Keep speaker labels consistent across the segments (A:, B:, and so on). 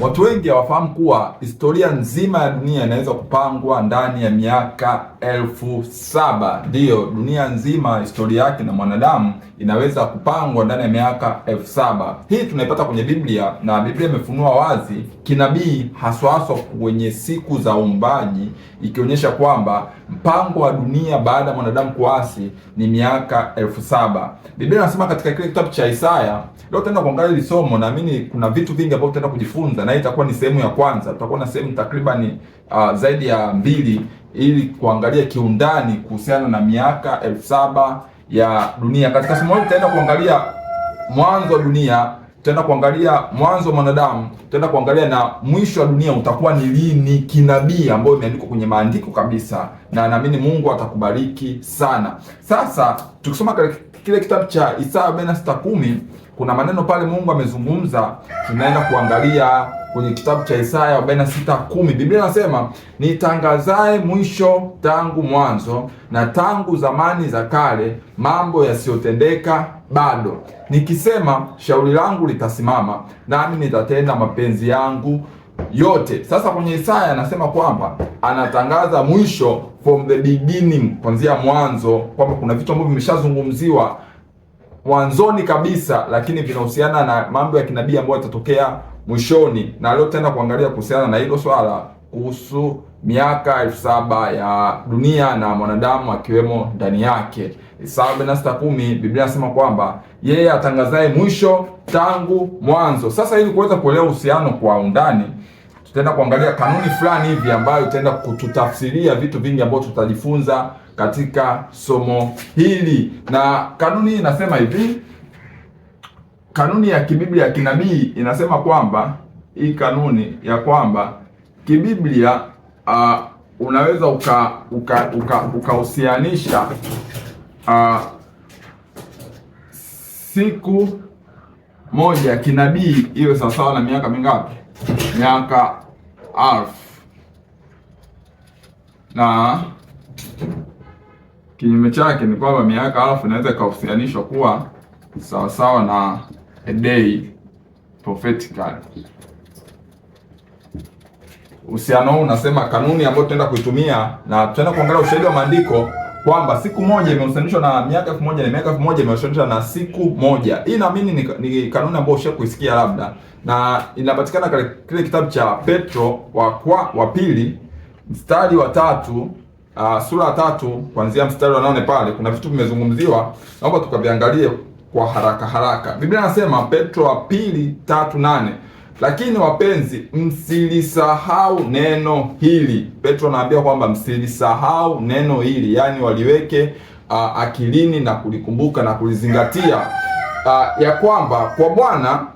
A: Watu wengi hawafahamu kuwa historia nzima ya dunia inaweza kupangwa ndani ya miaka elfu saba. Ndiyo, dunia nzima historia yake na mwanadamu inaweza kupangwa ndani ya miaka elfu saba. Hii tunaipata kwenye Biblia na Biblia imefunua wazi kinabii, haswa haswa kwenye siku za uumbaji, ikionyesha kwamba mpango wa dunia baada ya mwanadamu kuasi ni miaka elfu saba. Biblia inasema katika kile kitabu cha Isaya. Leo tutaenda kuangalia hili somo, naamini kuna vitu vingi ambavyo tutaenda kujifunza, na hii itakuwa ni sehemu ya kwanza. Tutakuwa na sehemu takribani uh, zaidi ya mbili, ili kuangalia kiundani kuhusiana na miaka elfu saba ya dunia. Katika somo hili tutaenda kuangalia mwanzo wa dunia tutaenda kuangalia mwanzo wa mwanadamu, tutaenda kuangalia na mwisho wa dunia utakuwa ni lini kinabii, ambayo imeandikwa kwenye maandiko kabisa, na naamini Mungu atakubariki sana. Sasa tukisoma kile kitabu cha Isaya arobaini sita kumi kuna maneno pale Mungu amezungumza, tunaenda kuangalia kwenye kitabu cha Isaya arobaini sita kumi Biblia inasema nitangazaye mwisho tangu mwanzo na tangu zamani za kale, mambo yasiyotendeka bado, nikisema shauri langu litasimama, nami nitatenda mapenzi yangu yote. Sasa kwenye Isaya anasema kwamba anatangaza mwisho from the beginning, kuanzia mwanzo, kwamba kuna vitu ambavyo vimeshazungumziwa mwanzoni kabisa, lakini vinahusiana na mambo ya kinabii ambayo yatatokea mwishoni. Na leo tutaenda kuangalia kuhusiana na hilo swala kuhusu miaka elfu saba ya dunia na mwanadamu akiwemo ndani yake. Isaya na sita kumi Biblia inasema kwamba yeye atangazaye mwisho tangu mwanzo. Sasa ili kuweza kuelewa uhusiano kwa undani tutaenda kuangalia kanuni fulani hivi ambayo itaenda kututafsiria vitu vingi ambavyo tutajifunza katika somo hili. Na kanuni inasema hivi, kanuni ya kibiblia ya kinabii inasema kwamba hii kanuni ya kwamba kibiblia uh, unaweza ukahusianisha uka, uka uh, siku moja kinabii iwe sawasawa na miaka mingapi? miaka alfu na kinyume chake ni kwamba miaka alfu inaweza ikahusianishwa kuwa sawasawa na a day prophetically. Uhusiano huu unasema kanuni ambayo tutaenda kuitumia na tutaenda kuangalia ushahidi wa maandiko kwamba siku moja imehusanishwa na miaka elfu moja na miaka elfu moja imehusanishwa na siku moja. Hii naamini ni, ni kanuni ambayo ushia kuisikia labda, na inapatikana kile kitabu cha Petro wa kwa wa pili mstari wa tatu uh, sura ya tatu kuanzia mstari wa nane pale kuna vitu vimezungumziwa, naomba tukaviangalie kwa haraka haraka. Biblia inasema Petro wa pili tatu nane lakini wapenzi, msilisahau neno hili. Petro anaambia kwamba msilisahau neno hili, yaani waliweke uh, akilini na kulikumbuka na kulizingatia uh, ya kwamba kwa Bwana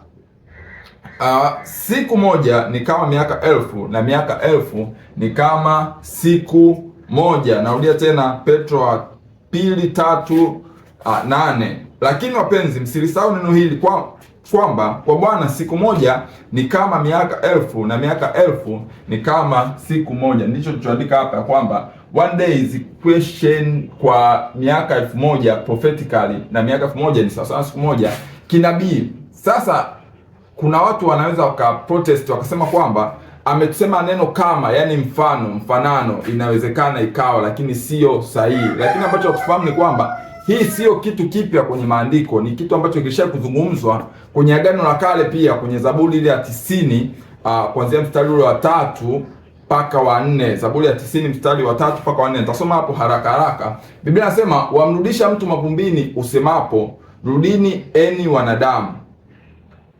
A: uh, siku moja ni kama miaka elfu na miaka elfu ni kama siku moja. Narudia tena Petro wa pili tatu uh, nane. Lakini wapenzi, msilisahau neno hili kwa kwamba kwa Bwana siku moja ni kama miaka elfu na miaka elfu ni kama siku moja. Ndicho tulichoandika hapa kwamba one day is equation kwa miaka elfu moja prophetically, na miaka elfu moja ni sawasawa siku moja kinabii. Sasa kuna watu wanaweza waka protest wakasema kwamba ametusema neno kama, yani mfano, mfanano, inawezekana ikawa, lakini sio sahihi. Lakini ambacho tufahamu ni kwamba hii sio kitu kipya kwenye maandiko, ni kitu ambacho kilisha kuzungumzwa kwenye Agano la Kale, pia kwenye Zaburi ile ya tisini uh, kuanzia mstari ule wa tatu mpaka wa nne. Zaburi ya tisini mstari wa tatu mpaka wa nne. Nitasoma hapo haraka haraka. Biblia nasema wamrudisha mtu mavumbini usemapo, rudini eni wanadamu,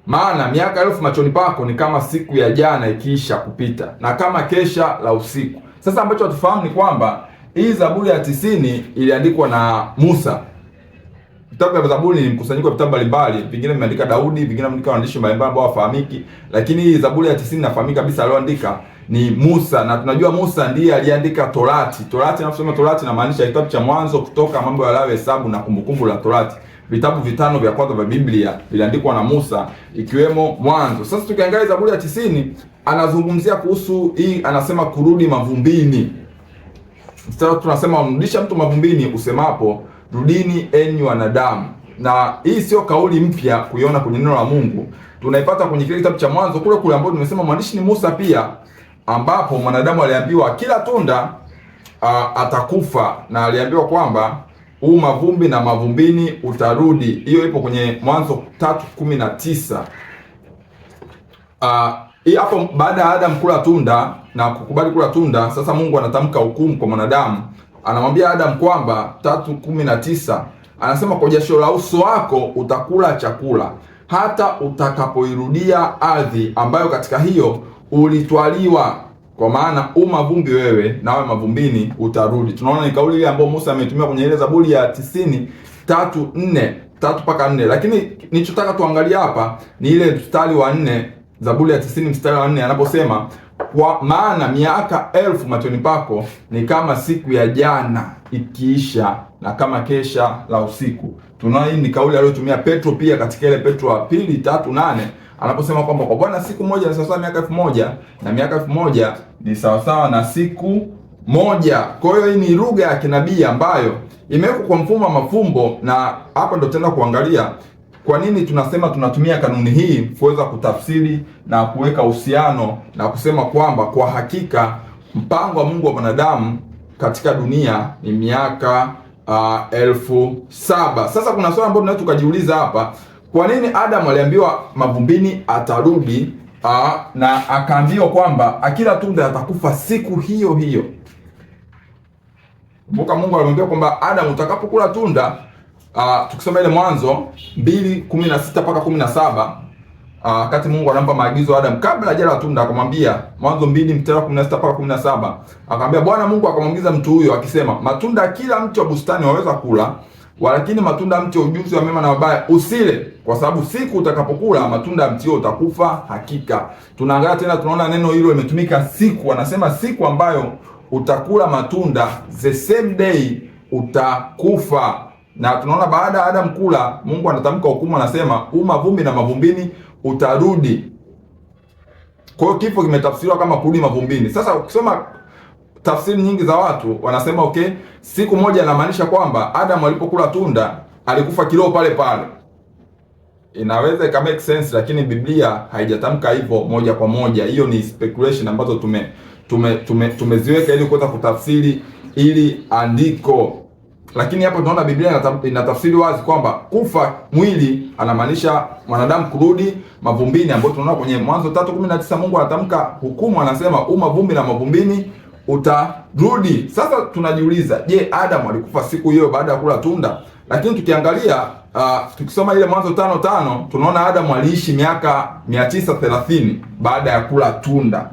A: maana miaka elfu machoni pako ni kama siku ya jana ikiisha kupita na kama kesha la usiku. Sasa ambacho hatufahamu ni kwamba hii Zaburi ya tisini iliandikwa na Musa. Vitabu vya Zaburi ni mkusanyiko wa vitabu mbalimbali, vingine vimeandika Daudi, vingine vimeandika waandishi mbalimbali ambao wafahamiki, lakini hii Zaburi ya tisini nafahamika kabisa aliyoandika ni Musa, na tunajua Musa ndiye aliandika Torati. Torati, nafsema Torati namaanisha kitabu cha Mwanzo, Kutoka, Mambo ya Lawi, Hesabu na Kumbukumbu la Torati. Vitabu vitano vya kwanza vya Biblia viliandikwa na Musa, ikiwemo Mwanzo. Sasa tukiangalia Zaburi ya tisini anazungumzia kuhusu hii, anasema kurudi mavumbini sasa tunasema mrudisha mtu mavumbini usemapo rudini enyi wanadamu. Na hii sio kauli mpya kuiona kwenye neno la Mungu, tunaipata kwenye kile kitabu cha Mwanzo kule kule, ambapo tumesema mwandishi ni Musa pia, ambapo mwanadamu aliambiwa kila tunda a, atakufa na aliambiwa kwamba huu mavumbi na mavumbini utarudi. Hiyo ipo kwenye Mwanzo 3:19. Ah, hii hapo. Baada ya Adam kula tunda na kukubali kula tunda, sasa Mungu anatamka hukumu kwa mwanadamu. Anamwambia Adam kwamba 3:19 anasema kwa jasho la uso wako utakula chakula hata utakapoirudia ardhi ambayo katika hiyo ulitwaliwa, kwa maana u mavumbi wewe, nawe mavumbini utarudi. Tunaona ni kauli ile ambayo Musa ametumia kwenye ile Zaburi ya tisini tatu nne tatu mpaka nne, lakini nichotaka tuangalia hapa ni ile mstari wa nne Zaburi ya 90 mstari wa 4 anaposema kwa maana miaka elfu machoni pako ni kama siku ya jana ikiisha na kama kesha la usiku. Tunaona hii ni kauli aliyotumia Petro pia katika ile Petro wa pili tatu nane anaposema kwamba kwa Bwana siku moja ni sawasawa miaka elfu moja na miaka elfu moja ni sawasawa na siku moja. Kwa hiyo hii ni lugha ya kinabii ambayo imewekwa kwa mfumo wa mafumbo, na hapa ndo tena kuangalia kwa nini tunasema tunatumia kanuni hii kuweza kutafsiri na kuweka uhusiano na kusema kwamba kwa hakika mpango wa Mungu wa mwanadamu katika dunia ni miaka uh, elfu saba. Sasa kuna swali ambalo tunaweza tukajiuliza hapa, kwa nini Adamu aliambiwa mavumbini atarudi uh, na akaambiwa kwamba akila tunda atakufa siku hiyo hiyo? Kumbuka Mungu alimwambia kwamba Adamu, utakapokula tunda uh, tukisoma ile Mwanzo 2:16 kumi na sita mpaka kumi na ah, wakati Mungu anampa maagizo Adam kabla hajala tunda, akamwambia Mwanzo 2:16 mpaka 17, akamwambia Bwana Mungu akamwamgiza mtu huyo akisema, matunda kila mti wa bustani waweza kula, walakini matunda mti wa ujuzi wa mema na mabaya usile, kwa sababu siku utakapokula matunda ya mti huo utakufa hakika. Tunaangalia tena, tunaona neno hilo limetumika siku, anasema siku ambayo utakula matunda, the same day utakufa na tunaona baada ya Adam kula, Mungu anatamka hukumu, anasema u mavumbi na mavumbini utarudi. Kwa hiyo kifo kimetafsiriwa kama kurudi mavumbini. Sasa ukisoma tafsiri nyingi za watu wanasema okay, siku moja inamaanisha kwamba Adam alipokula tunda alikufa kiroho pale pale. Inaweza ika make sense, lakini Biblia haijatamka hivyo moja kwa moja. Hiyo ni speculation ambazo tume tumeziweka tume, tume ili kuweza kutafsiri ili andiko lakini hapo tunaona Biblia inatafsiri wazi kwamba kufa mwili anamaanisha mwanadamu kurudi mavumbini, ambapo tunaona kwenye Mwanzo 3:19 Mungu anatamka hukumu, anasema u mavumbi na mavumbini utarudi. Sasa tunajiuliza, je, Adamu alikufa siku hiyo baada ya kula tunda? Lakini tukiangalia uh, tukisoma ile Mwanzo tano tano tunaona Adamu aliishi miaka 930 baada ya kula tunda.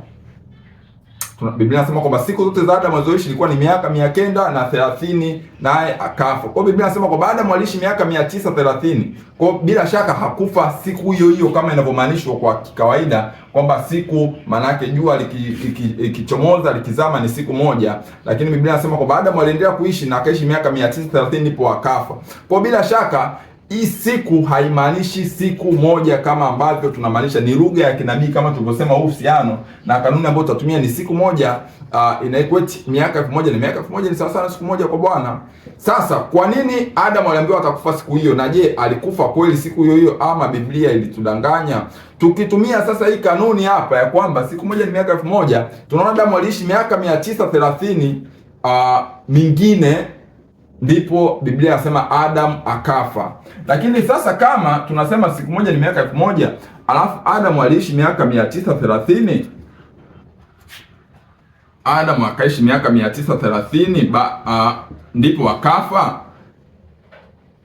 A: Biblia inasema kwamba siku zote za Adamu alizoishi ilikuwa ni miaka mia kenda na thelathini naye akafa. Kwa Biblia inasema kwamba Adamu aliishi miaka mia tisa thelathini. Kwa bila shaka hakufa siku hiyo hiyo kama inavyomaanishwa kwa kawaida kwamba siku manake jua likichomoza liki, liki likizama ni siku moja, lakini Biblia inasema kwamba Adamu aliendelea kuishi na akaishi miaka mia tisa thelathini ndipo akafa. Kwa bila shaka hii siku haimaanishi siku moja kama ambavyo tunamaanisha, ni lugha ya kinabii kama tulivyosema, uhusiano na kanuni ambayo tutatumia ni siku moja. Uh, inaikweti miaka elfu moja na miaka elfu moja ni sawa sana siku moja kwa Bwana. Sasa kwa nini Adamu aliambiwa atakufa siku hiyo? Na je, alikufa kweli siku hiyo hiyo ama Biblia ilitudanganya? Tukitumia sasa hii kanuni hapa ya kwamba siku moja ni miaka elfu moja tunaona Adamu aliishi miaka mia tisa thelathini uh, mingine ndipo Biblia inasema Adam akafa. Lakini sasa kama tunasema siku moja ni miaka elfu moja alafu adam aliishi miaka mia tisa thelathini adam akaishi miaka mia tisa thelathini ndipo akafa.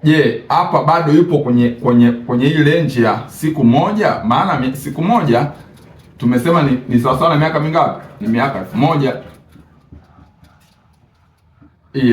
A: Je, hapa bado yupo kwenye kwenye kwenye hii range ya siku moja? Maana siku moja tumesema ni, ni sawasawa na miaka mingapi? Ni miaka elfu moja. Hii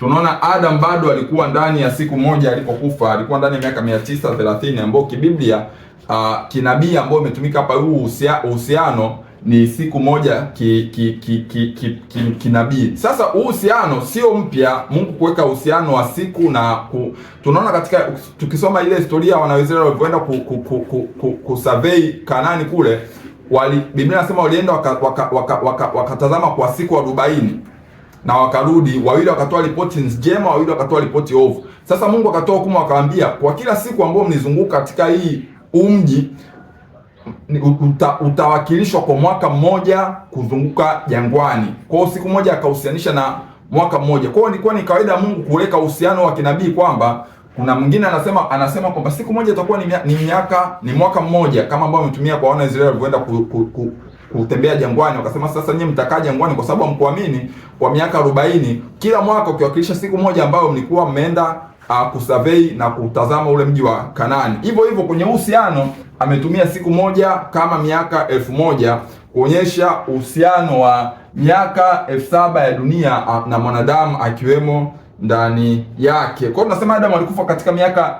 A: tunaona Adam bado alikuwa ndani ya siku moja alipokufa, alikuwa ndani ya miaka 930 ambayo kibiblia uh, kinabii ambao imetumika hapa, huu uhusiano ni siku moja ki, ki, ki, ki, ki, ki, kinabii. Sasa uhusiano sio mpya, Mungu kuweka uhusiano wa siku na ku, tunaona katika tukisoma ile historia wanawezera walivyoenda ku, ku, ku, ku, ku, ku Kanani kule wali, Biblia walienda wakatazama waka, waka, waka, waka kwa siku arobaini wa na wakarudi, wawili wakatoa ripoti njema, wawili wakatoa ripoti ovu. Sasa Mungu akatoa hukumu, akawaambia kwa kila siku ambayo mnizunguka katika hii umji uta, utawakilishwa kwa mwaka mmoja kuzunguka jangwani. Kwa hiyo siku moja akahusianisha na mwaka mmoja. Kwa hiyo ilikuwa ni kawaida Mungu kuweka uhusiano wa kinabii kwamba kuna mwingine anasema anasema kwamba siku moja itakuwa ni miaka ni mwaka mmoja kama ambao ametumia kwa wana Israeli walivyoenda ku, ku, ku kutembea jangwani, wakasema sasa nyinyi mtakaa jangwani kwa sababu hamkuamini kwa miaka 40 kila mwaka ukiwakilisha siku moja ambayo mlikuwa mmeenda uh, kusurvey na kutazama ule mji wa Kanaani. Hivyo hivyo kwenye uhusiano ametumia siku moja kama miaka elfu moja kuonyesha uhusiano wa miaka elfu saba ya dunia ah, na mwanadamu akiwemo ndani yake. Kwa hiyo tunasema Adamu alikufa katika miaka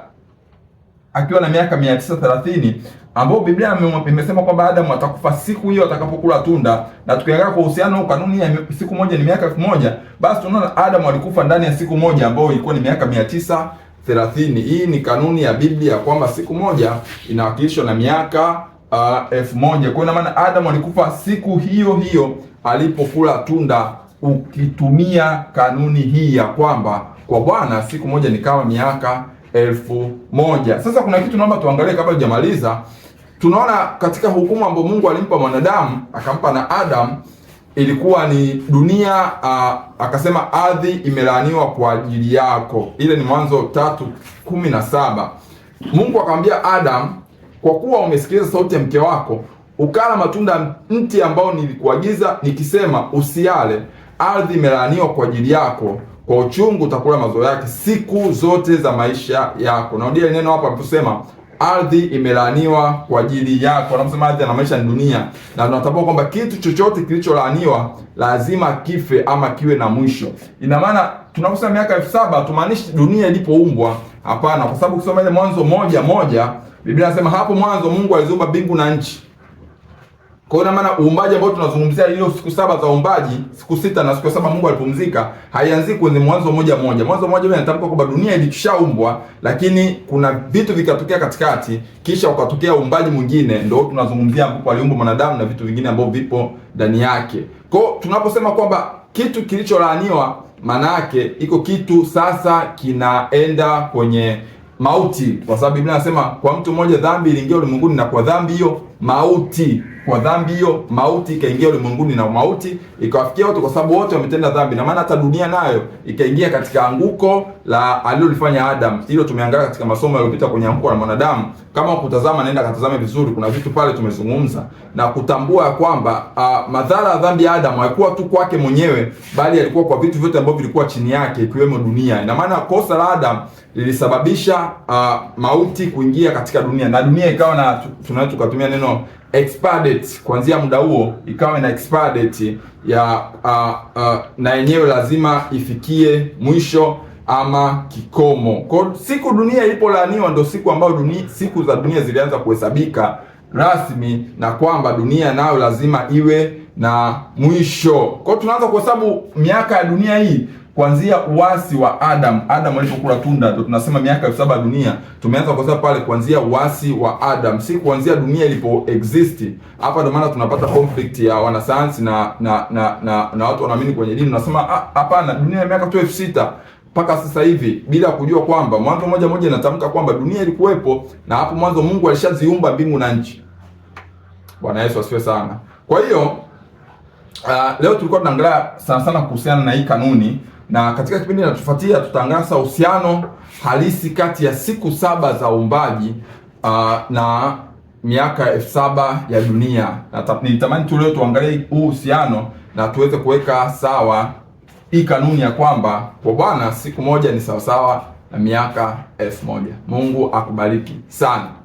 A: akiwa na miaka 930 ambao Biblia imesema kwamba Adamu atakufa siku hiyo atakapokula tunda, na tukiangalia kwa uhusiano kanuni ya siku moja ni miaka elfu moja basi tunaona Adamu alikufa ndani ya siku moja ambayo ilikuwa ni miaka mia tisa thelathini. Hii ni kanuni ya Biblia kwamba siku moja inawakilishwa na miaka uh, elfu moja. Kwa hiyo maana Adamu alikufa siku hiyo hiyo alipokula tunda, ukitumia kanuni hii ya kwamba kwa Bwana siku moja ni kama miaka elfu moja. Sasa kuna kitu naomba tuangalie kabla hujamaliza. Tunaona katika hukumu ambayo Mungu alimpa mwanadamu akampa na Adam ilikuwa ni dunia uh, akasema ardhi imelaaniwa kwa ajili yako. Ile ni Mwanzo tatu kumi na saba. Mungu akamwambia Adam, kwa kuwa umesikiliza sauti ya mke wako ukala matunda mti ambao nilikuagiza nikisema usiale, ardhi imelaaniwa kwa ajili yako kwa uchungu utakula mazao yake siku zote za maisha yako. Narudia neno hapa aliposema ardhi imelaaniwa kwa ajili yako. Anasema ardhi na maisha ni dunia, na tunatambua kwamba kitu chochote kilicholaaniwa lazima kife ama kiwe na mwisho. Ina maana tunaposema miaka elfu saba tumaanishi dunia ilipoumbwa, hapana, kwa sababu ukisoma ile Mwanzo moja moja Biblia inasema hapo mwanzo Mungu aliziumba mbingu na nchi kwa hiyo maana uumbaji ambao tunazungumzia hiyo siku saba za uumbaji, siku sita na siku saba Mungu alipumzika, haianzii kwenye Mwanzo moja moja. Mwanzo moja moja inatamka kwamba dunia ilishaumbwa, lakini kuna vitu vikatokea katikati, kisha ukatokea uumbaji mwingine, ndio tunazungumzia ambapo aliumba mwanadamu na vitu vingine ambavyo vipo ndani yake. Kwa hiyo tunaposema kwamba kitu kilicholaaniwa, maana yake iko kitu sasa kinaenda kwenye mauti, kwa sababu Biblia inasema kwa mtu mmoja dhambi iliingia ulimwenguni na kwa dhambi hiyo mauti. Kwa dhambi hiyo mauti ikaingia ulimwenguni, na mauti ikawafikia watu kwa sababu wote wametenda dhambi, na maana hata dunia nayo ikaingia katika anguko la alilolifanya Adam. Hilo tumeangalia katika masomo yaliyopita kwenye anguko la mwanadamu. Kama kutazama, naenda katazame vizuri, kuna vitu pale tumezungumza na kutambua ya kwamba uh, madhara ya dhambi ya Adam haikuwa tu kwake mwenyewe, bali yalikuwa kwa vitu vyote ambavyo vilikuwa chini yake, ikiwemo dunia. Ina maana kosa la Adam lilisababisha uh, mauti kuingia katika dunia, na dunia ikawa na tunaweza tukatumia neno tano expire date kuanzia muda huo ikawa ina expire date ya uh, uh, na yenyewe lazima ifikie mwisho ama kikomo. Kwa siku dunia ilipolaaniwa ndio siku ambayo dunia, siku za dunia zilianza kuhesabika rasmi na kwamba dunia nayo lazima iwe na mwisho. Kwa hiyo tunaanza kuhesabu miaka ya dunia hii kuanzia uasi wa Adam, Adam alipokula tunda, ndio tunasema miaka elfu saba dunia. Tumeanza kuhesabu pale kuanzia uasi wa Adam, si kuanzia dunia ilipo exist. Hapa ndio maana tunapata conflict ya wanasayansi na na na na, na watu wanaamini kwenye dini, tunasema ah, hapana, dunia ya miaka tu elfu sita mpaka sasa hivi bila kujua kwamba Mwanzo moja moja inatamka kwamba dunia ilikuwepo na hapo mwanzo Mungu alishaziumba mbingu na nchi. Bwana Yesu asifiwe sana. Kwa hiyo uh, leo tulikuwa tunaangalia sana sana kuhusiana na hii kanuni, na katika kipindi natufuatia tutaangaza uhusiano halisi kati ya siku saba za uumbaji uh, na miaka elfu saba ya dunia, na nilitamani tu leo tuangalie huu uhusiano na tuweze kuweka sawa hii kanuni ya kwamba kwa Bwana siku moja ni sawasawa na miaka elfu moja. Mungu akubariki sana.